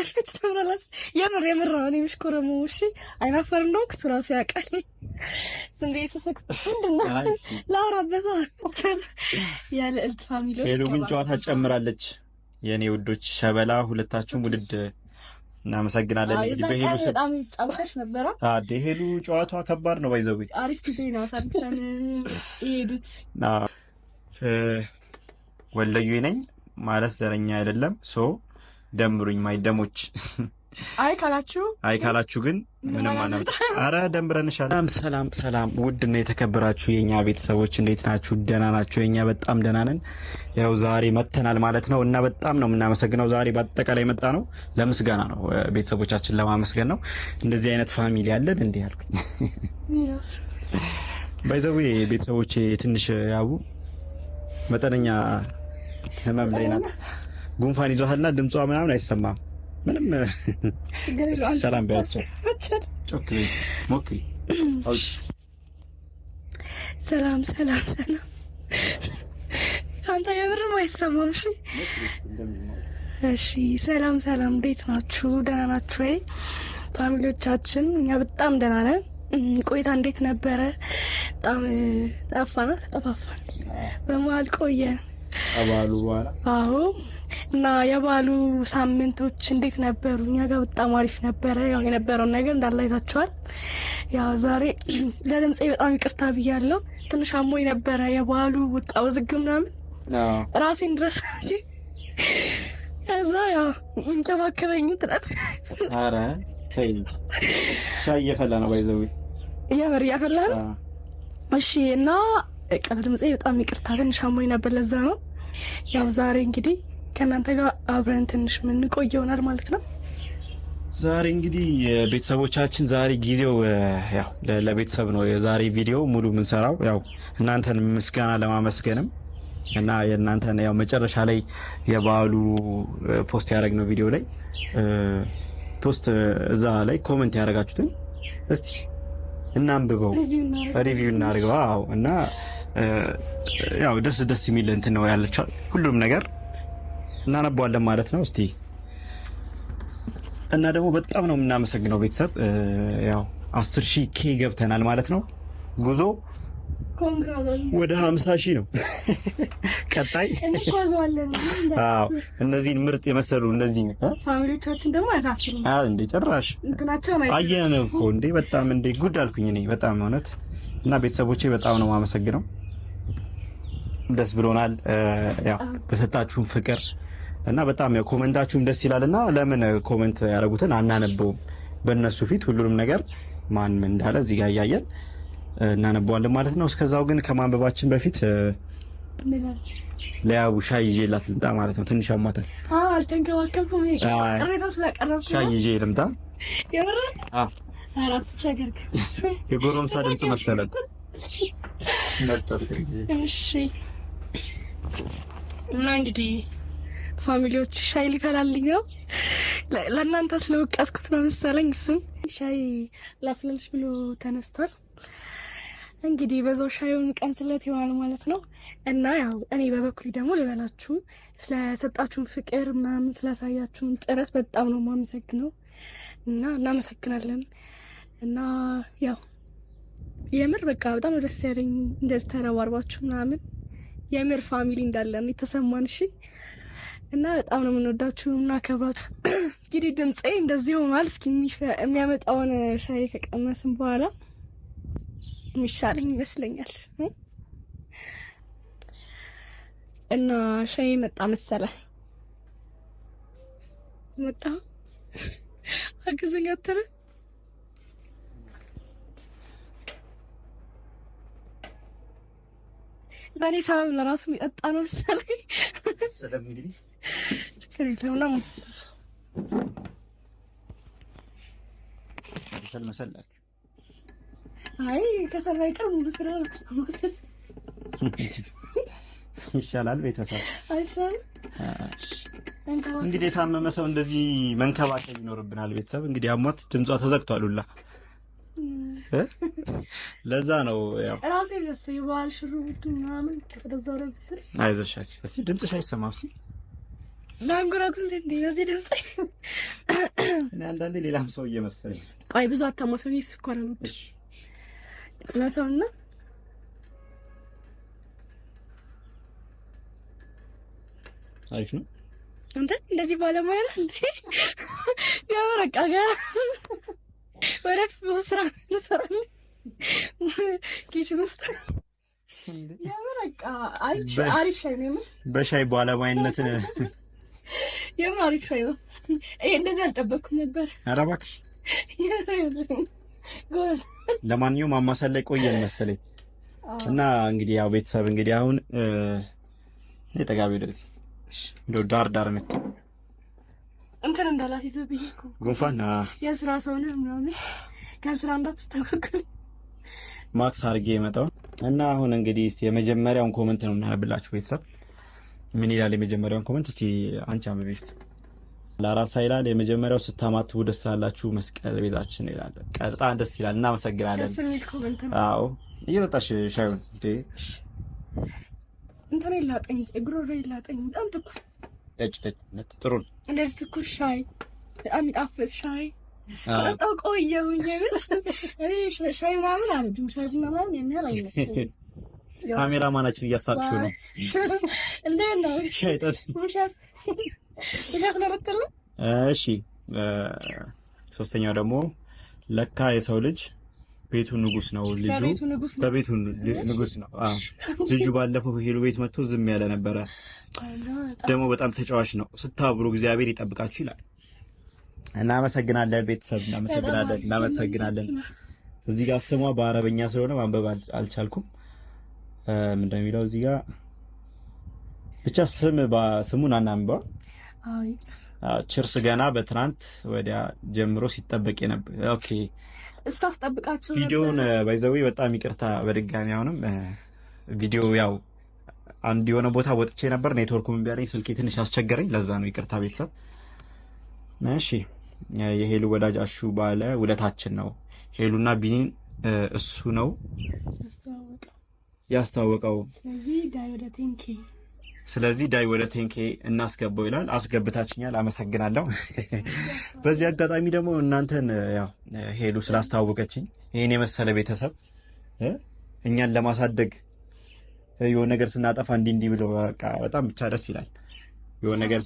ትማራላችሁ ተምራላችሁ። የምር የምር ነው። እኔ ምሽኮረሙ እሺ፣ አይናፈር እንደሆንክ እሱ ራሱ ያውቃል። ዝም ብዬ ስስቅ ምንድን ላውራበት ያለ እልት ፋሚሊዎች ሄሎ ግን ጨዋታ ጨምራለች። የእኔ ውዶች ሸበላ ሁለታችሁም ውድድ እናመሰግናለን። እንግዲህ በሄሉ በጣም ጫውተሽ ነበረ። ሄሉ ጨዋቷ ከባድ ነው። ባይዘው አሪፍ ጊዜ ነው አሳልፈን የሄዱት። ወለዩ ነኝ ማለት ዘረኛ አይደለም ሶ ደምሩኝ ማይ ደሞች አይ ካላችሁ አይ ካላችሁ ግን ምንም አናምጥ። አረ ደምረንሻል። ሰላም ሰላም ውድ ውድና የተከበራችሁ የእኛ ቤተሰቦች እንዴት ናችሁ? ደህና ናችሁ? የእኛ በጣም ደህና ነን። ያው ዛሬ መተናል ማለት ነው እና በጣም ነው የምናመሰግነው። ዛሬ በአጠቃላይ መጣ ነው ለምስጋና ነው፣ ቤተሰቦቻችን ለማመስገን ነው። እንደዚህ አይነት ፋሚሊ አለን እንዲህ ያልኩኝ ባይዘዌ ቤተሰቦቼ ትንሽ ያቡ መጠነኛ ህመም ላይ ናት ጉንፋን ይዟትና ድምጿ ምናምን አይሰማም። ምንም ሰላም ቢያቸው ሞክሪ። ሰላም ሰላም ሰላም። አንተ የምርም አይሰማም። እሺ እሺ። ሰላም ሰላም። እንዴት ናችሁ? ደህና ናችሁ ወይ ፋሚሊዎቻችን? እኛ በጣም ደህና ነን። ቆይታ እንዴት ነበረ? በጣም ጠፋና ተጠፋፋን፣ በመሀል ቆየን። ከበዓሉ በኋላ አዎ። እና የበዓሉ ሳምንቶች እንዴት ነበሩ? እኛ ጋር በጣም አሪፍ ነበረ። ያው የነበረውን ነገር እንዳላይታችኋል። ያው ዛሬ ለድምፄ በጣም ይቅርታ ብያለሁ። ትንሽ አሞኝ ነበረ። የበዓሉ ውጣ ውዝግብ ምናምን ራሴን ድረስ ከዛ ያው እንከባከበኝ ትላት ኧረ ሻይ እየፈላ ነው ባይዘዊ የምር እያፈላ ነው። እሺ እና ቀለ ድምፄ በጣም ይቅርታ ትንሽ አሞኝ ነበር። ለዛ ነው ያው ዛሬ እንግዲህ ከእናንተ ጋር አብረን ትንሽ የምንቆይ ይሆናል ማለት ነው። ዛሬ እንግዲህ ቤተሰቦቻችን ዛሬ ጊዜው ያው ለቤተሰብ ነው። የዛሬ ቪዲዮ ሙሉ የምንሰራው ያው እናንተን ምስጋና ለማመስገንም እና የእናንተን ያው መጨረሻ ላይ የበዓሉ ፖስት ያደረግነው ቪዲዮ ላይ ፖስት እዛ ላይ ኮመንት ያደረጋችሁትን እስቲ እናንብበው፣ ሪቪው እናድርገው እና ያው ደስ ደስ የሚል እንትን ነው ያለችው ሁሉም ነገር እናነባዋለን ማለት ነው። እስቲ እና ደግሞ በጣም ነው የምናመሰግነው ቤተሰብ ያው አስር ሺህ ኬ ገብተናል ማለት ነው። ጉዞ ወደ ሀምሳ ሺህ ነው። ቀጣይ እነዚህን ምርጥ የመሰሉ እነዚህ ፋሚሊዎቻችን ደግሞ አያሳፍሩም እንዴ ጭራሽ አየን እኮ እንዴ በጣም እንዴ ጉድ አልኩኝ እኔ በጣም እውነት እና ቤተሰቦቼ በጣም ነው የማመሰግነው። ደስ ብሎናል በሰጣችሁም ፍቅር እና በጣም ያው ኮመንታችሁም ደስ ይላል እና ለምን ኮመንት ያደረጉትን አናነበውም? በእነሱ ፊት ሁሉንም ነገር ማን እንዳለ እዚህ ጋር እያየን እናነበዋለን ማለት ነው። እስከዛው ግን ከማንበባችን በፊት ለያቡ ሻይ ላት ልምጣ ማለት ነው። ትንሽ አሟታል። ሻይ ይዤ ልምጣ። የጎረምሳ ድምፅ መሰለን። እና እንግዲህ ፋሚሊዎች ሻይ ሊፈላልኝ ነው። ለእናንተ ስለወቀስኩት ነው መሰለኝ። እሱም ሻይ ላፍለልሽ ብሎ ተነስቷል። እንግዲህ በዛው ሻዩን ቀምስለት ይሆናል ማለት ነው። እና ያው እኔ በበኩሌ ደግሞ ልበላችሁ ስለሰጣችሁን ፍቅር ምናምን ስላሳያችሁን ጥረት በጣም ነው የማመሰግነው እና እናመሰግናለን። እና ያው የምር በቃ በጣም ደስ ያለኝ እንደዚህ ተረባርባችሁ ምናምን የምር ፋሚሊ እንዳለን የተሰማን እሺ። እና በጣም ነው የምንወዳችሁ እናከብራችሁ። እንግዲህ ድምፄ እንደዚህ ሆኗል። እስኪ የሚያመጣውን ሻይ ከቀመስን በኋላ የሚሻለኝ ይመስለኛል። እና ሻይ መጣ መሰለ መጣ አግዘኛ በእኔ ሰበብ ለራሱ የሚጠጣ ነው መሰለኝ። እንግዲህ ችግር የለውና ሰልሰል መሰላክ አይ ከሰራ ይቀር ሙሉ ስራ ይሻላል። ቤተሰብ እንግዲህ የታመመ ሰው እንደዚህ መንከባከብ ይኖርብናል። ቤተሰብ እንግዲህ አሟት ድምጿ ተዘግቷል ሁላ ለዛ ነው ያው ራሴ ደስ የበዓል ሽሩቱ ምናምን ወደዛ ወደዚ ስል አይዞሽ እስኪ ድምፅሽ አይሰማም ሲል ላንጎራጉል እንዴ በዚህ ድምፅ እኔ አንዳንዴ ሌላም ሰው እየመሰለኝ ቆይ ብዙ አታማሰኝ ነው እሺ ለሰውና አሪፍ ነው እንትን እንደዚህ ባለሙያ ነው እንዴ ያበረቃ ጋር ወደፊት ብዙ ስራ እንሰራለን። ኪችን ውስጥ አሪፍ ሻይ ነው። በሻይ ባለሙያነት የምር አሪፍ ሻይ ነው። እንደዚህ አልጠበቅኩም ነበር። ኧረ እባክሽ ጎበዝ። ለማንኛውም አማሳል ላይ ቆየን መሰለኝ እና እንግዲህ ያው ቤተሰብ እንግዲህ አሁን ጠጋቢ ወደዚህ ዳር ዳር ነች እንትን እንዳላት ይዘብኝ ጉንፋን የስራ ሰው ነህ ምናምን ከስራ እንዳትስተካከል ማክስ አድርጌ የመጣው እና አሁን እንግዲህ እስቲ የመጀመሪያውን ኮመንት ነው የምናነብላችሁ። ቤተሰብ ምን ይላል? የመጀመሪያውን ኮመንት እስቲ አንቺ አንብቤ እስቲ ለራሳ ይላል የመጀመሪያው ስታማት ደስ ስላላችሁ መስቀል ቤታችን ይላል። በጣም ደስ ይላል፣ እናመሰግናለን። አዎ እየጠጣሽ ሻዩን እንትን ይላጠኝ፣ ጉሮሮ ላጠኝ በጣም ትኩስ ጠጭ ጠጭ ነት ጥሩ ነው። እንደዚህ ትኩር ሻይ በጣም ይጣፍጥ ሻይ በጣም ቆየሁኝ። እኔ ሻይ ምናምን አልወድም። ሻይ ቡና ምናምን የሚያል አይመስለኝም። ካሜራ ማናችን እያሳቅሽው ነው እንዴ? ነው ሻይ ጠጥ ውሸት ውሸት ለረጥለ እሺ። ሶስተኛው ደግሞ ለካ የሰው ልጅ ቤቱ ንጉስ ነው። ልጁ በቤቱ ንጉስ ነው። ልጁ ባለፈው ሄሎ ቤት መጥቶ ዝም ያለ ነበረ። ደግሞ በጣም ተጫዋች ነው። ስታብሩ እግዚአብሔር ይጠብቃችሁ ይላል። እናመሰግናለን ቤተሰብ፣ እናመሰግናለን፣ እናመሰግናለን። እዚህ ጋር ስሟ በአረበኛ ስለሆነ ማንበብ አልቻልኩም። እንደሚለው እዚህ ጋር ብቻ ስም ስሙን አናንበው። ችርስ ገና በትናንት ወዲያ ጀምሮ ሲጠበቅ ነበር። ኦኬ እስታስጠብቃቸው ቪዲዮውን ባይዘዊ በጣም ይቅርታ በድጋሚ አሁንም ቪዲዮ ያው አንድ የሆነ ቦታ ወጥቼ ነበር። ኔትወርኩም እምቢ አለኝ፣ ስልኬ ትንሽ አስቸገረኝ። ለዛ ነው ይቅርታ ቤተሰብ። እሺ የሄሉ ወዳጅ አሹ ባለ ውለታችን ነው። ሄሉና ቢኒን እሱ ነው ያስተዋወቀው። ስለዚህ ዳይ ወደ ቴንኬ እናስገባው ይላል። አስገብታችኛል፣ አመሰግናለሁ። በዚህ አጋጣሚ ደግሞ እናንተን ያው ሄሉ ስላስተዋወቀችኝ ይህን የመሰለ ቤተሰብ እኛን ለማሳደግ የሆነ ነገር ስናጠፋ እንዲህ እንዲህ ብሎ በቃ በጣም ብቻ ደስ ይላል። የሆነ ነገር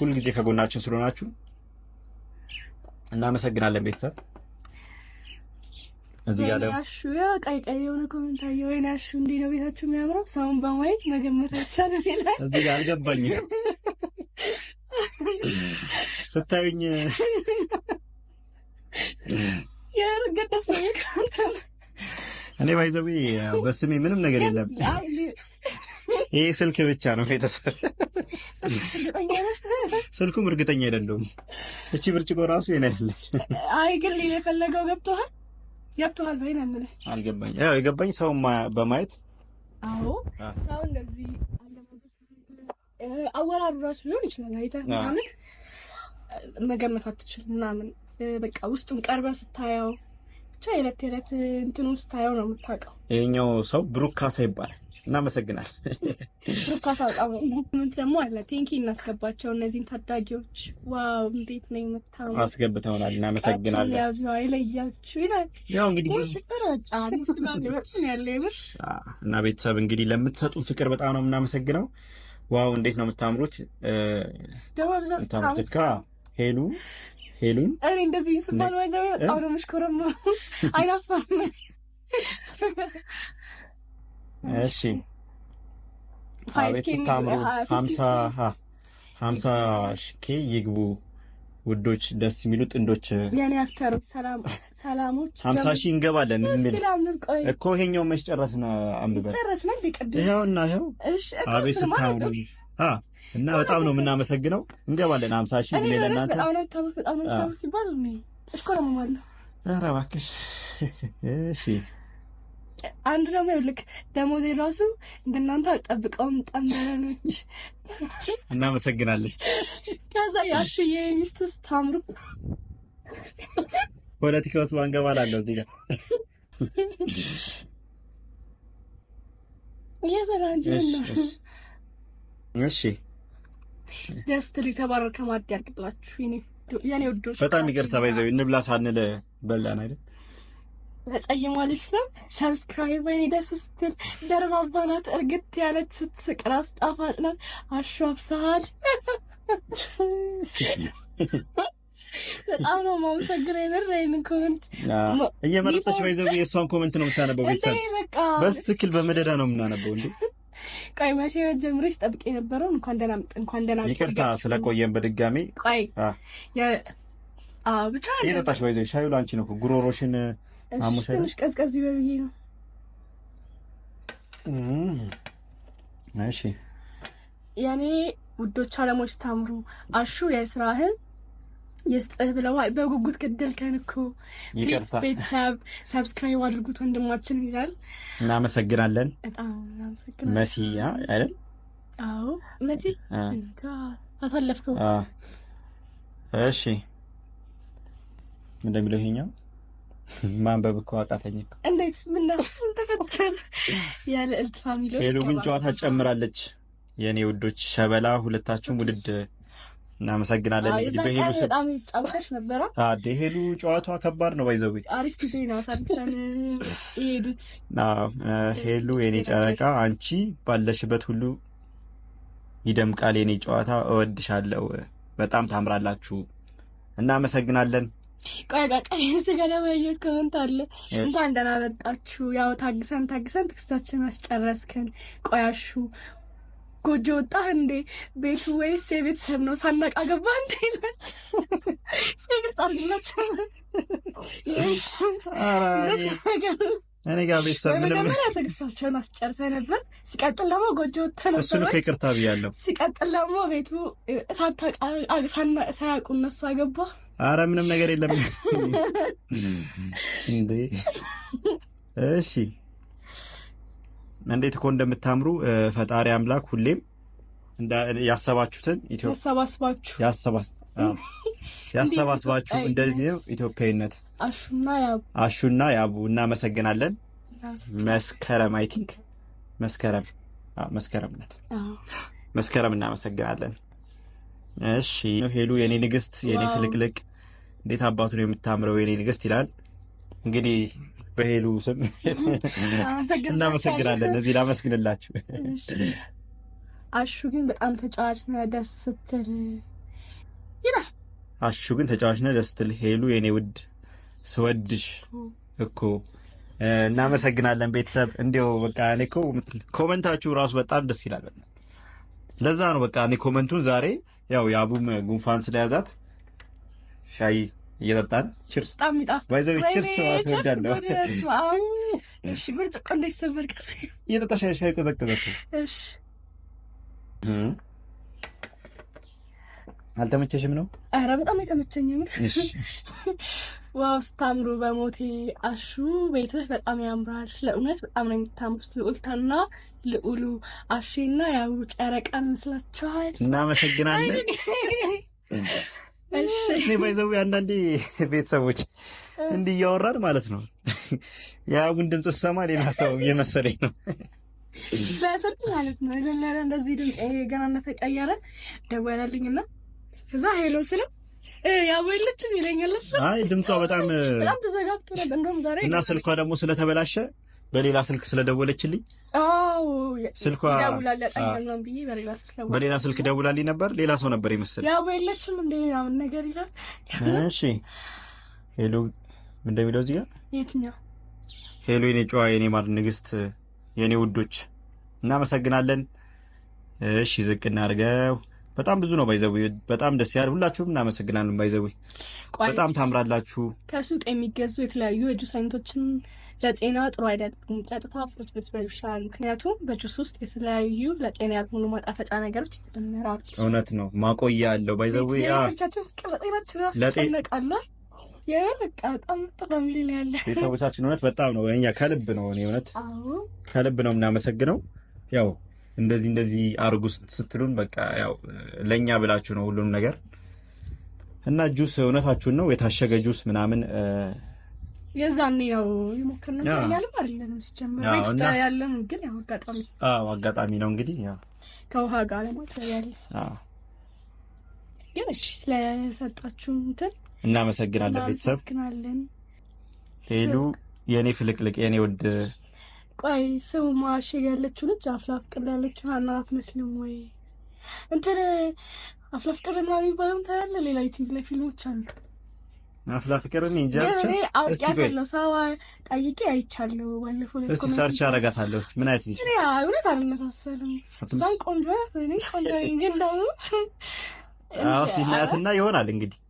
ሁልጊዜ ከጎናችን ስለሆናችሁ እናመሰግናለን ቤተሰብ እዚህ ጋር ደግሞ አሹ ቀይ ቀይ የሆነ ኮመንት አየሁ። ወይኔ አሹ ነው ቤታችሁ የሚያምረው። ሰውን በማየት መገመት አይቻልም ይላል። እዚህ ጋር አልገባኝም። ስታዩኝ ደስ እኔ ባይዘዊ በስሜ ምንም ነገር የለም። ይህ ስልክ ብቻ ነው ቤተሰብ። ስልኩም እርግጠኛ አይደለሁም። እቺ ብርጭቆ ራሱ የኔ አይደለች። አይ ግን ሌላ የፈለገው ገብቶሃል ገብቶሃል ወይ ነው የምልህ። አልገባኝ ያው የገባኝ ሰው በማየት አዎ፣ ሰው እንደዚህ አወራሩ ራሱ ሊሆን ይችላል። አይተህ ምናምን መገመት አትችልም ምናምን በቃ ውስጡን ቀርበህ ስታየው ብቻ የዕለት የዕለት እንትኑ ስታየው ነው የምታውቀው። ይሄኛው ሰው ብሩክ ካሳ ይባላል። እናመሰግናል። ሩካሳ በጣም ደግሞ አለ ቴንኪ እናስገባቸው እነዚህን ታዳጊዎች ዋው፣ እንዴት ነው የምታው አስገብተውናል። እናመሰግናለን። አይለያችሁ ይላል። ያው እንግዲህ እና ቤተሰብ እንግዲህ ለምትሰጡን ፍቅር በጣም ነው የምናመሰግነው። ዋው፣ እንዴት ነው የምታምሩት ደግሞ ሄሉ ሄሉን እኔ እንደዚህ ስባል ወይዘ በጣም ነው ምሽኮረማ አይናፋም እሺ አቤት ስታምሩ ሀምሳ ሺኬ ይግቡ ውዶች፣ ደስ የሚሉ ጥንዶች የኔ አፍተሮች ሰላሞች፣ ሀምሳ ሺህ እንገባለን የሚል እኮ ይሄኛው መች ጨረስን አንብበን ጨረስን። ይኸውና ይኸው አቤት ስታምሩ እና በጣም ነው የምናመሰግነው። እንገባለን ሀምሳ ሺህ ብሌ ለእናንተ ሲባል እሽኮረመማለሁ። ኧረ እባክሽ እሺ አንዱ ደግሞ ልክ ደሞዜ ራሱ እንደናንተ አልጠብቀውም። ጠንበለሎች እናመሰግናለን። ከዛ ያሹዬ ሚስትስ ታምሩ ፖለቲካ ውስጥ ባንገባ ላለሁ እዚህ ጋር እሺ ደስትሪ ተባረር ከማዲያልቅ ብላችሁ የኔ ወዶች በጣም ይቅርታ ባይዘው እንብላ ሳንል በላን አይደል በጸይሟ ስም ሰብስክራይብ ሰብስክራይበን ደስ ስትል ደርባባ ናት፣ እርግት ያለች ስትስቅ ራስ ጣፋጭ ናት። አሸብሰሃል። በጣም ነው ማመሰግነው። የምር ይህንን ኮመንት እየመረጠች ባይዘው የእሷን ኮመንት ነው የምታነበው። ቤተሰብ በስትክል በመደዳ ነው የምናነበው። እንዴ ቆይ መቼ ጀምረሽ ጠብቄ የነበረው እንኳን ደህና እንኳን ደህና ይቅርታ ስለቆየን በድጋሚ ቆይ ብቻ ይጠጣሽ ባይዘው ሻዩ ለአንቺ ነው ጉሮሮሽን ትንሽ ቀዝቀዝ ይበብዬ ነው። እሺ የኔ ውዶች አለሞች ታምሩ አሹ የስራህን የስጥህ ብለዋል። በጉጉት ፕሊስ፣ ቤተሰብ ሰብስክራይብ አድርጉት ወንድማችን ይላል። እናመሰግናለን። መሲ አይደል? አዎ መሲ አሳለፍከው። እሺ ይሄኛው ማንበብ እኮ አቃተኝ። እንዴት ምና ተፈጠረ? ያለ እልት ፋሚሊዎች ሄሎ። ግን ጨዋታ ጨምራለች። የእኔ ውዶች ሸበላ ሁለታችሁም ውድድ እናመሰግናለን። በሄሉ በጣም ጫምተሽ ነበረ። ሄሉ ጨዋታዋ ከባድ ነው። ባይዘዊ አሪፍ ጊዜ ነው አሳልፈን የሄዱት። ሄሉ የኔ ጨረቃ፣ አንቺ ባለሽበት ሁሉ ይደምቃል የኔ ጨዋታ። እወድሻለሁ። በጣም ታምራላችሁ። እናመሰግናለን። ቆይ ቀቀስ ገና ማየት ኮመንት አለ። እንኳን ደህና መጣችሁ። ያው ታግሰን ታግሰን ትክስታችን አስጨረስከን። ቆያሹ ጎጆ ወጣህ እንዴ? ቤቱ ወይስ የቤተሰብ ነው? ሳናቅ አገባ እንዴ? እኔ ጋር ቤተሰብ ምንም ትግስታቸውን አስጨርሰህ ነበር። ሲቀጥል ደግሞ ጎጆ ወጥተ ነበር። እሱን እኮ ይቅርታ ብያለሁ። ሲቀጥል ደግሞ ቤቱ ሳያውቁ እነሱ አገባ አረ ምንም ነገር የለም እንዴ! እሺ እንዴት እኮ እንደምታምሩ ፈጣሪ አምላክ ሁሌም ያሰባችሁትን ያሰባስባችሁ ያሰባስባችሁ እንደዚህ ነው ኢትዮጵያዊነት። አሹና ያቡ እናመሰግናለን። መስከረም አይ ቲንክ መስከረም መስከረምነት ናት መስከረም እናመሰግናለን። እሺ ሄሉ የኔ ንግስት፣ የኔ ፍልቅልቅ፣ እንዴት አባቱ ነው የምታምረው የኔ ንግስት ይላል። እንግዲህ በሄሉ ስም እናመሰግናለን። እነዚህ ላመስግንላችሁ። አሹ ግን በጣም ተጫዋች ነህ ደስ ስትል አሹ ግን ተጫዋች ነህ ደስ ስትል። ሄሉ የኔ ውድ ስወድሽ እኮ እናመሰግናለን። ቤተሰብ እንዲው በቃ እኔ እኮ ኮመንታችሁ ራሱ በጣም ደስ ይላል። ለዛ ነው በቃ እኔ ኮመንቱን ዛሬ ያው የአቡም ጉንፋን ስለያዛት ሻይ እየጠጣን ችርስ በጣም ይጣፍ ባይዘው ችርስ ማለት እሺ ብርጭቆ እንዳይሰበር ቀስ እየጠጣ ሻይ ሻይ ቀጠቀጠ። እሺ አልተመቸሽም ነው? አረ በጣም አይተመቸኝም። ዋው ስታምሩ በሞቴ አሹ ቤትህ በጣም ያምራል። ስለ እውነት በጣም ነው የምታምሩት ልዑልታና ልዑሉ አሼና ያው ጨረቃ ይመስላችኋል። እናመሰግናለን። እኔ ባይዘው አንዳንዴ ቤተሰቦች እንዲህ እያወራን ማለት ነው የአቡን ድምፅ ስሰማ ሌላ ሰው እየመሰለኝ ነው በስልክ ማለት ነው የጀመረ እንደዚህ ድምፅ ገና እንደተቀየረ ደወለልኝ እና እዛ ሄሎ ስለው ያወለችም ይለኛል። አይ ድምጿ በጣም በጣም ተዘጋግቶ ነበር። እንደውም ዛሬ እና ስልኳ ደግሞ ስለተበላሸ በሌላ ስልክ ስለደወለችልኝ ስልኳ በሌላ ስልክ ደውላልኝ ነበር። ሌላ ሰው ነበር ይመስል ያው የለችም እንደ ምናምን ነገር ይላል። እሺ ሄሎ እንደሚለው እዚህ ጋር የትኛው ሄሎ፣ የኔ ጨዋ፣ የኔ ማር ንግስት፣ የኔ ውዶች እናመሰግናለን። እሺ ዝቅ እናድርገው። በጣም ብዙ ነው ባይዘዊ፣ በጣም ደስ ያል። ሁላችሁም እናመሰግናለን ባይዘዊ፣ በጣም ታምራላችሁ። ከሱቅ የሚገዙ የተለያዩ የጁስ አይነቶችን ለጤና ጥሩ አይደለም። ጸጥታ ፍሩት ብትበሉ ይሻላል። ምክንያቱም በጁስ ውስጥ የተለያዩ ለጤና ያልሆኑ ማጣፈጫ ነገሮች ይጨምራሉ። እውነት ነው። ማቆያ አለው። ባይዘዌቻችን ለጤናችን ራሱ ይጨነቃለ። ቤተሰቦቻችን እውነት በጣም ነው እኛ ከልብ ነው እኔ እውነት ከልብ ነው የምናመሰግነው። ያው እንደዚህ እንደዚህ አርጉ ስትሉን በቃ ያው ለእኛ ብላችሁ ነው ሁሉም ነገር እና ጁስ እውነታችሁን ነው የታሸገ ጁስ ምናምን የዛን ያው የሞከርነው ያለም አይደለም ሲጀምር ቤት ያለም ግን ያው አጋጣሚ አዎ አጋጣሚ ነው እንግዲህ ያው ከውሃ ጋር ለማለት ያለ አዎ ግን እሺ ስለሰጣችሁ እንትን እናመሰግናለን ቤተሰብ እናመሰግናለን ሄሉ የኔ ፍልቅልቅ የኔ ውድ ቆይ ስሙ ማሽ ያለችው ልጅ አፍላፍቅር ያለችው ሀና አትመስልም ወይ እንትን አፍላፍቅር ምናምን የሚባለው እንትን ሌላ ዩቲዩብ ላይ ፊልሞች አሉ አፍላ ፍቅርን እንጃ አውቄያታለሁ። ሰው ጠይቄ አይቻለሁ። ባለፈው ላይ እስቲ ሰርች አደርጋታለሁ። ምን አይነት ልጅ እኔ እውነት አልመሳሰልም። እሷም ቆንጆ እኔ ቆንጆ ግን ደግሞ እስቲ እናያትና ይሆናል እንግዲህ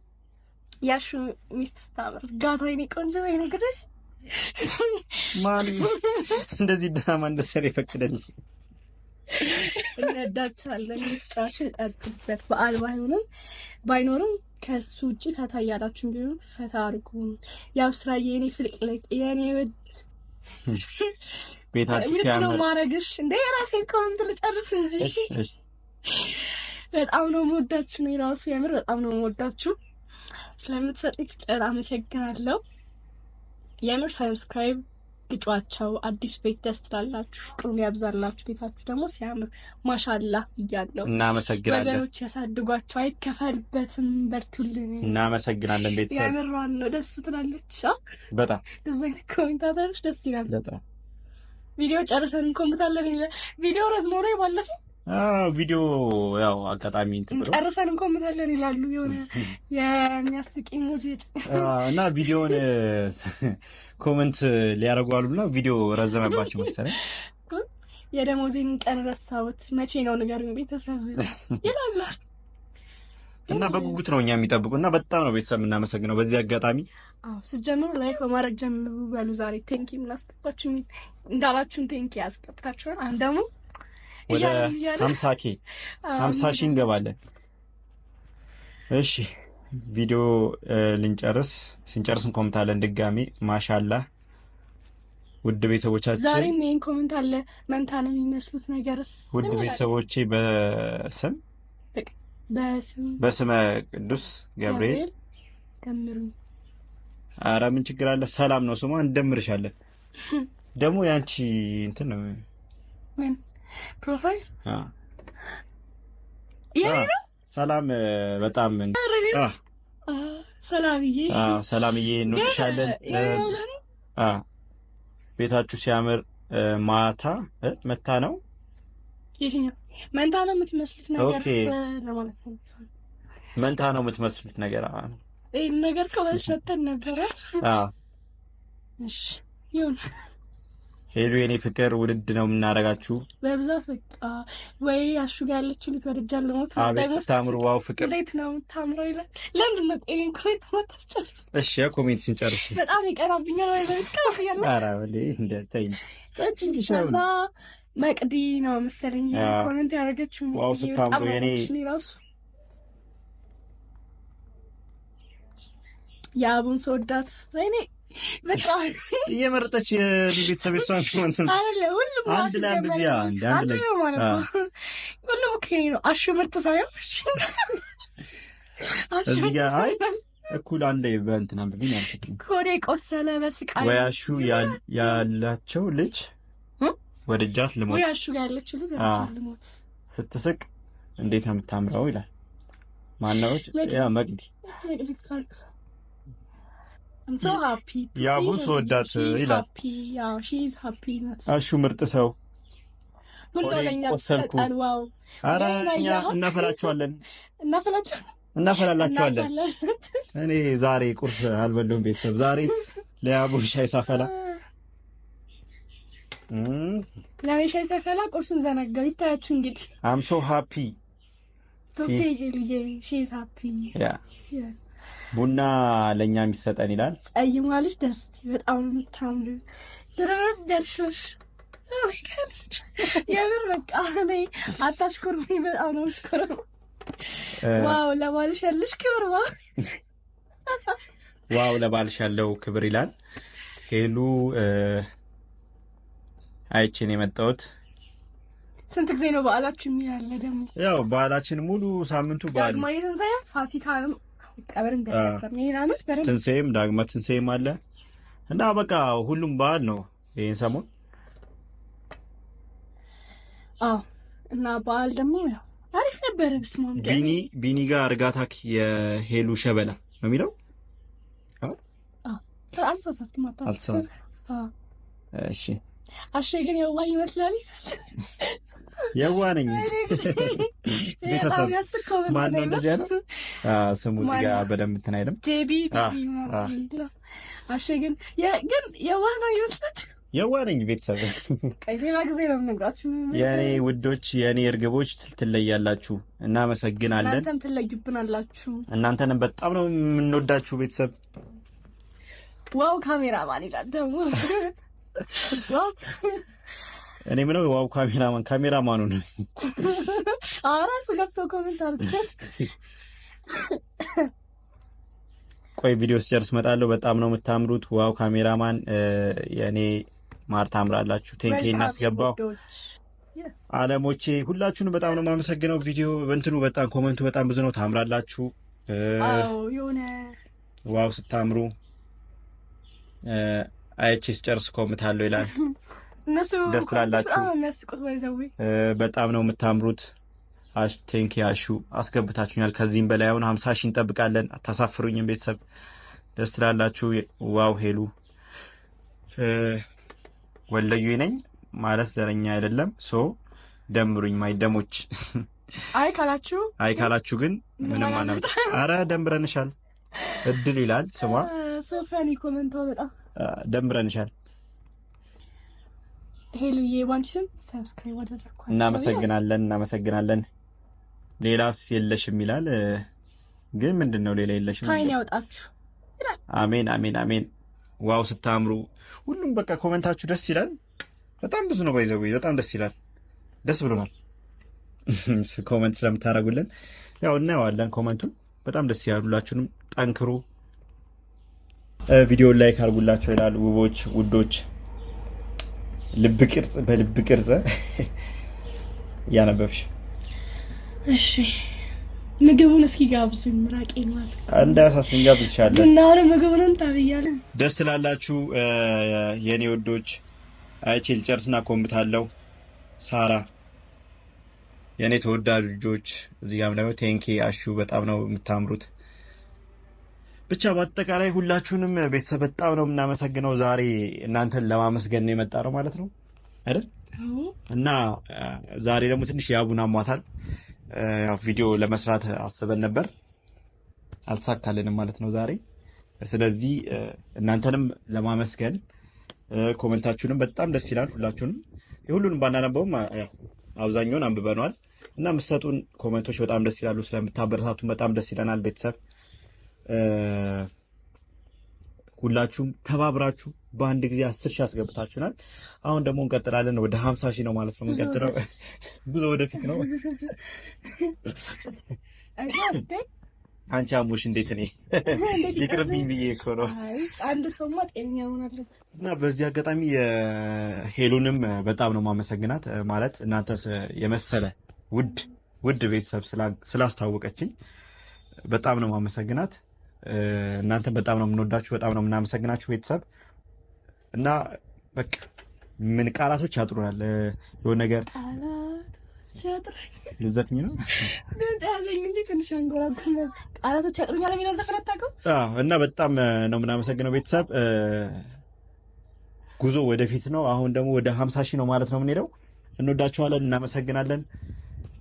ያሹ ሚስት ስታምር ጋታ ወይኔ ቆንጆ ወይኔ ግድ ማን እንደዚህ ድራማ እንደሰር የፈቅደን እንወዳቸዋለን። ስራችን ጠጡበት በዓል ባይሆንም ባይኖርም ከሱ ውጭ ፈታ እያላችሁ ቢሆን ፈታ አድርጉን። ያው ስራ የኔ ፍልቅልቅ የኔ ውድ ቤታችሁ ማረግሽ እንደ የራሴ ኮመንት ልጨርስ እንጂ በጣም ነው መወዳችሁ። ነው የራሱ የምር በጣም ነው መወዳችሁ። ስለምትሰጥ ፍቅር አመሰግናለሁ። የምር ሳብስክራይብ ግጯቸው፣ አዲስ ቤት ደስ ትላላችሁ፣ ፍቅሩን ያብዛላችሁ፣ ቤታችሁ ደግሞ ሲያምር ማሻላ እያለው እናመሰግናለን። ወገኖች ያሳድጓቸው፣ አይከፈልበትም፣ በርቱልን። እናመሰግናለን። ቤተሰብ ያምሯን ነው፣ ደስ ትላለች። በጣም ደስ አይነት ኮሜንታተሮች ደስ ይላል። ቪዲዮ ጨርሰን እንኮምታለን። ቪዲዮ ረዝሞ ነው ባለፈው ቪዲዮ ያው አጋጣሚ ጨርሰን እንኮምታለን ይላሉ። የሆነ የሚያስቅ ኢሞጂ እና ቪዲዮን ኮመንት ሊያደርጉ ብላ ቪዲዮ ረዘመባቸው መሰለኝ። የደሞዜን ቀን ረሳሁት፣ መቼ ነው ንገሩኝ ቤተሰብ ይላሉ። እና በጉጉት ነው እኛ የሚጠብቁ እና በጣም ነው ቤተሰብ የምናመሰግነው በዚህ አጋጣሚ። አዎ ስጀምሩ ላይክ በማድረግ ጀምሩ በሉ። ዛሬ ቴንኪ ምናስገባችሁ እንዳላችሁን ቴንኪ ያስገብታችኋል። አሁን ደግሞ ወደ ሀምሳ ኬ ሀምሳ ሺ እንገባለን። እሺ ቪዲዮ ልንጨርስ ስንጨርስ እንኮምታለን። ድጋሚ ማሻላ ውድ ቤተሰቦቻችን ዛሬም ይህን ኮመንት አለ መንታ ነው የሚመስሉት ነገርስ ውድ ቤተሰቦቼ በስም በስመ ቅዱስ ገብርኤል ደምሩኝ። ኧረ ምን ችግር አለ? ሰላም ነው ስሟ፣ እንደምርሻለን። ደግሞ ያንቺ እንትን ነው ፕሮፋይል ሰላም በጣም ሰላምዬ ሰላምዬ እንወድሻለን። ቤታችሁ ሲያምር ማታ መታ ነው መንታ ነው የምትመስሉት ነገር መንታ ነው የምትመስሉት ነገር ይህን ነገር ከበሰተን ነበረ። እሺ ይሁን። ሄሎ የኔ ፍቅር ውድድ ነው የምናደርጋችሁ በብዛት በቃ ወይ አሹ ጋር ያለችው ልጅ ለሞት አቤት ስታምሩ ዋው ፍቅር እንዴት ነው የምታምረው ይላል ለምንድን ነው ቆይ ኮሜንት ሞት አስጨርስ እሺ ኮሜንት ስንጨርስ በጣም ይቀራብኛል ወይ በጣም ያለ ከዛ መቅዲ ነው መሰለኝ ኮሜንት ያደረገችው ዋው ስታምሩ የኔ ራሱ የአቡን ሰወዳት ወይኔ እየመረጠች ቤተሰብ ሷን ሁሉም አንድ ለአንድ ቢያ አንድ ሁሉም ከኔ ነው። አሹ ምርጥ ሳይሆን እኩል አንድ ላይ በእንትና ብኝ ኮዴ ቆሰለ በስቃይ ወይ አሹ ያላቸው ልጅ ወደጃት ልሞት ወይ አሹ ያለችው ልጅ ልሞት ስትስቅ እንዴት ነው የምታምረው ይላል ማናዎች ያ መቅዲ ያቡን ስወዳት ይላል። አሹ ምርጥ ሰው ቆሰልኩ። ኧረ እኛ እናፈላችኋለን እናፈላላችኋለን። እኔ ዛሬ ቁርስ አልበለውም። ቤተሰብ ዛሬ ለያቡ ሻይ ሳፈላ ለእኔ ሻይ ሳፈላ ቁርሱን ዘነጋው። ይታያችሁ እንግዲህ አምሶ ያ ቡና ለእኛ የሚሰጠን ይላል። ጸይሟ ልጅ ደስ በጣም የምታምር ድረስ ደርሶሽ የምር በቃ እኔ አታሽኮርሚ በጣም ነው ሽኮር ዋው ለባልሽ ያለሽ ክብር ዋው ለባልሽ ያለው ክብር ይላል። ሄሉ አይቼን የመጣሁት ስንት ጊዜ ነው በዓላችሁ የሚያለ ደግሞ ያው በዓላችን ሙሉ ሳምንቱ በዓል ዳግማዊ ትንሣኤም ፋሲካንም ትንሣኤም ዳግመ ትንሣኤም አለ እና በቃ ሁሉም በዓል ነው ይህን ሰሞን። አዎ እና በዓል ደግሞ አሪፍ ነበረ። በስመ ቢኒ ቢኒ ጋር እርጋታክ የሄሉ ሸበላ ነው የሚለው አልሳሳትኩም። እሺ አሸ ግን የዋ ይመስላል የዋ ነኝ። ቤተሰብ ማነው እንደዚህ ያለው? ስሙ እዚህ ጋ በደንብ እንትን አይልም። ጄቢ አሸ ግን ግን የዋ ነው ይመስላች የዋ ነኝ። ቤተሰብ ሌላ ጊዜ ነው የምነግራችሁ። የእኔ ውዶች፣ የእኔ እርግቦች ትለያላችሁ። እናመሰግናለን። እናንተም ትለዩብናላችሁ። እናንተንም በጣም ነው የምንወዳችሁ ቤተሰብ። ዋው ካሜራ ማን ይላል ደግሞ እኔ ምነው ዋው ካሜራማን ካሜራማኑ ነው ራሱ ገብቶ ኮሜንት አድርገን። ቆይ ቪዲዮ ስጨርስ እመጣለሁ። በጣም ነው የምታምሩት። ዋው ካሜራማን የእኔ ማር ታምራላችሁ። ቴንኬ እናስገባው አለሞቼ ሁላችሁንም በጣም ነው የማመሰግነው። ቪዲዮ እንትኑ በጣም ኮመንቱ በጣም ብዙ ነው። ታምራላችሁ። ዋው ስታምሩ አይቺስ ጨርስ ኮምታለሁ ይላል። እነሱ ደስ ትላላችሁ። eh, በጣም ነው የምታምሩት። ቴንክ ያሹ አስገብታችሁኛል። ከዚህም በላይ አሁን ሀምሳ ሺህ እንጠብቃለን። አታሳፍሩኝም ቤተሰብ። ደስ ላላችሁ። ዋው ሄሉ eh, ወለዩ ነኝ ማለት ዘረኛ አይደለም። ሶ ደምሩኝ ማይ ደሞች። አይ ካላችሁ አይ ካላችሁ ግን ምንም አናምጣ። አረ ደምረንሻል። እድል ይላል ስሟ eh, ሶፋኒ ኮመንታው በጣም ደምረንሻል። ሄሉዬ ባንቺ ስም ሰብስክራይብ አደረግኳቸው። እናመሰግናለን እናመሰግናለን። ሌላስ የለሽም ይላል ግን ምንድን ነው ሌላ የለሽም? አሜን አሜን አሜን። ዋው ስታምሩ! ሁሉም በቃ ኮመንታችሁ ደስ ይላል። በጣም ብዙ ነው ባይዘው፣ በጣም ደስ ይላል። ደስ ብሎናል ኮመንት ስለምታደርጉልን። ያው እናየዋለን ኮመንቱን። በጣም ደስ ይላል። ሁላችሁንም ጠንክሩ። ቪዲዮን ላይክ አድርጉላቸው ይላል። ውቦች ውዶች፣ ልብ ቅርጽ በልብ ቅርጽ እያነበብሽ እሺ። ምግቡን እስኪ ጋብዙኝ። ምራቂ ማት እንዳያሳስን ጋብዝሻለን። እና አሁን ምግቡንም ታብያለ። ደስ ትላላችሁ የእኔ ወዶች። አይቼ ልጨርስና ኮምብታለሁ። ሳራ የእኔ ተወዳጅ ልጆች፣ እዚህ ጋም ደግሞ ቴንኬ አሹ፣ በጣም ነው የምታምሩት። ብቻ በአጠቃላይ ሁላችሁንም ቤተሰብ በጣም ነው የምናመሰግነው። ዛሬ እናንተን ለማመስገን ነው የመጣ ነው ማለት ነው አይደል? እና ዛሬ ደግሞ ትንሽ የአቡን አሟታል። ቪዲዮ ለመስራት አስበን ነበር አልተሳካልንም ማለት ነው ዛሬ። ስለዚህ እናንተንም ለማመስገን ኮመንታችሁንም በጣም ደስ ይላል። ሁላችሁንም የሁሉንም ባናነበውም አብዛኛውን አንብበነዋል እና የምትሰጡን ኮመንቶች በጣም ደስ ይላሉ። ስለምታበረታቱን በጣም ደስ ይለናል ቤተሰብ ሁላችሁም ተባብራችሁ በአንድ ጊዜ አስር ሺህ አስገብታችሁናል። አሁን ደግሞ እንቀጥላለን። ወደ ሀምሳ ሺህ ነው ማለት ነው የምንቀጥለው። ጉዞ ወደፊት ነው። አንቺ አሞሽ እንዴት እኔ ይቅርብኝ ብዬ እኮ ነው። አንድ ሰውማ ጤነኛ ሆናለሁ እና በዚህ አጋጣሚ ሄሉንም በጣም ነው ማመሰግናት ማለት እናንተ የመሰለ ውድ ውድ ቤተሰብ ስላስታወቀችኝ በጣም ነው ማመሰግናት። እናንተ በጣም ነው የምንወዳችሁ፣ በጣም ነው የምናመሰግናችሁ ቤተሰብ እና በቃ ምን ቃላቶች ያጥሩናል። የሆነ ነገር ልዘፍኝ ነው ትንሽ አንጎራጉር ቃላቶች ያጥሩኛል የሚለው ዘፈን አታውቅም? እና በጣም ነው የምናመሰግነው ቤተሰብ። ጉዞ ወደፊት ነው። አሁን ደግሞ ወደ ሀምሳ ሺህ ነው ማለት ነው የምንሄደው። እንወዳችኋለን፣ እናመሰግናለን።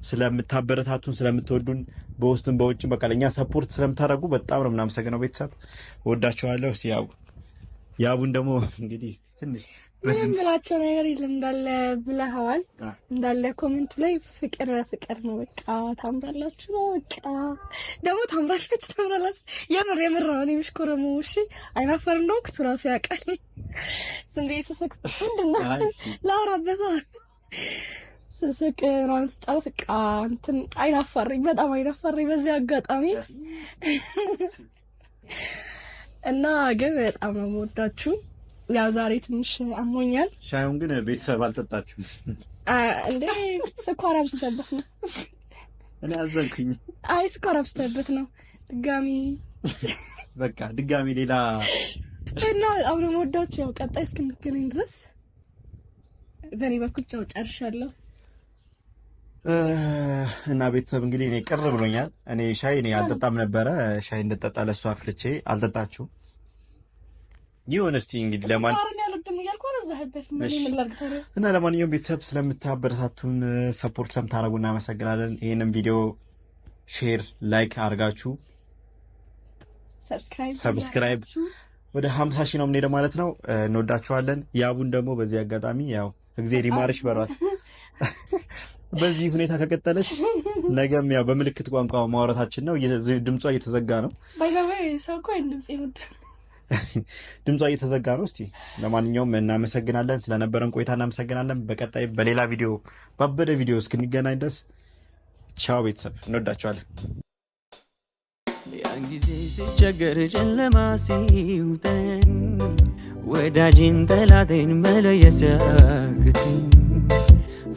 ስለምታበረታቱን ስለምትወዱን በውስጥም በውጭ በቃ ለእኛ ሰፖርት ስለምታደርጉ በጣም ነው የምናመሰግነው። ቤተሰብ ወዳችኋለሁ። እስኪ ያቡ ያቡን ደግሞ እንግዲህ ትንሽ ምንም ብላቸው ነገር የለም እንዳለ ብለሃዋል። እንዳለ ኮሜንቱ ላይ ፍቅር በፍቅር ነው። በቃ ታምራላችሁ ነው። በቃ ደግሞ ታምራላችሁ፣ ታምራላችሁ። የምር የምር ነው። እኔ እሺ፣ አይናፈር እንደሆንክ እሱ ራሱ ያውቃል። ዝም ብዬ ስስቅ ምንድን ነው ላውራበት ስስቅ ምናምን ስጫወት በቃ እንትን አይናፋረኝ፣ በጣም አይናፋረኝ በዚህ አጋጣሚ እና ግን በጣም ነው የምወዳችሁ። ያው ዛሬ ትንሽ አሞኛል። ሻዩን ግን ቤተሰብ አልጠጣችሁም እንዴ? ስኳር አብዝተበት ነው። እኔ አዘንኩኝ። አይ ስኳር አብዝተበት ነው። ድጋሚ በቃ ድጋሚ ሌላ እና በጣም የምወዳችሁ። ያው ቀጣይ እስክንገናኝ ድረስ በእኔ በኩል ጨው ጨርሻለሁ። እና ቤተሰብ እንግዲህ እኔ ቅር ብሎኛል። እኔ ሻይ እኔ አልጠጣም ነበረ ሻይ እንደጠጣ ለሱ አፍልቼ አልጠጣችሁም። ይሁን እስቲ እንግዲህ ለማን እና ለማንኛውም ቤተሰብ ስለምታበረታቱን ሰፖርት ስለምታደርጉ እናመሰግናለን። ይህንም ቪዲዮ ሼር፣ ላይክ አድርጋችሁ ሰብስክራይብ ወደ ሀምሳ ሺህ ነው የምንሄደው ማለት ነው። እንወዳችኋለን። ያቡን ደግሞ በዚህ አጋጣሚ ያው እግዜር ይማርሽ በሯት። በዚህ ሁኔታ ከቀጠለች ነገም ያው በምልክት ቋንቋ ማውራታችን ነው። ድምጿ እየተዘጋ ነው። ድምጿ እየተዘጋ ነው። እስቲ ለማንኛውም እናመሰግናለን፣ ስለነበረን ቆይታ እናመሰግናለን። በቀጣይ በሌላ ቪዲዮ ባበደ ቪዲዮ እስክንገናኝ ድረስ ቻው ቤተሰብ፣ እንወዳቸዋለን። ያን ጊዜ ሲቸገር ጨለማ ሲውጠን ወዳጅን ጠላቴን መለየት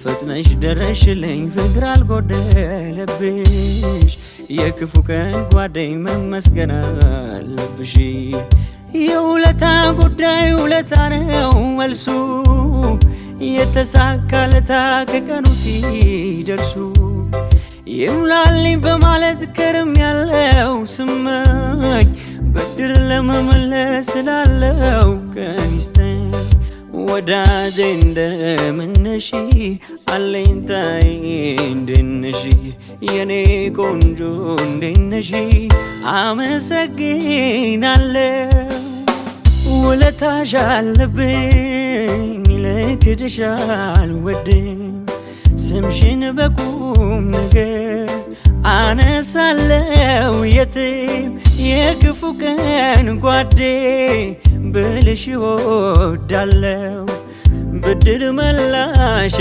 ፈጥነሽ ደረሽልኝ ፍቅር አልጎደለብሽ የክፉ ቀን ጓደኝ መመስገን አለብሽ። የውለታ ጉዳይ ውለታ ነው መልሱ የተሳካለታ ከቀኑ ሲደርሱ ይሙላልኝ በማለት ከርም ያለው ስመኝ ብድር ለመመለስ ስላለው ቀን ወዳጄ እንደምነሽ አለኝታዬ እንዴነሽ የኔ ቆንጆ እንዴነሽ አመሰግናለሁ ውለታሽ አለብኝ ልክድሽ አልወድም ስምሽን በቁም ነገር አነሳለው የትም የክፉ ቀን ጓዴ ብልሽ ወዳለው ብድር መላሻ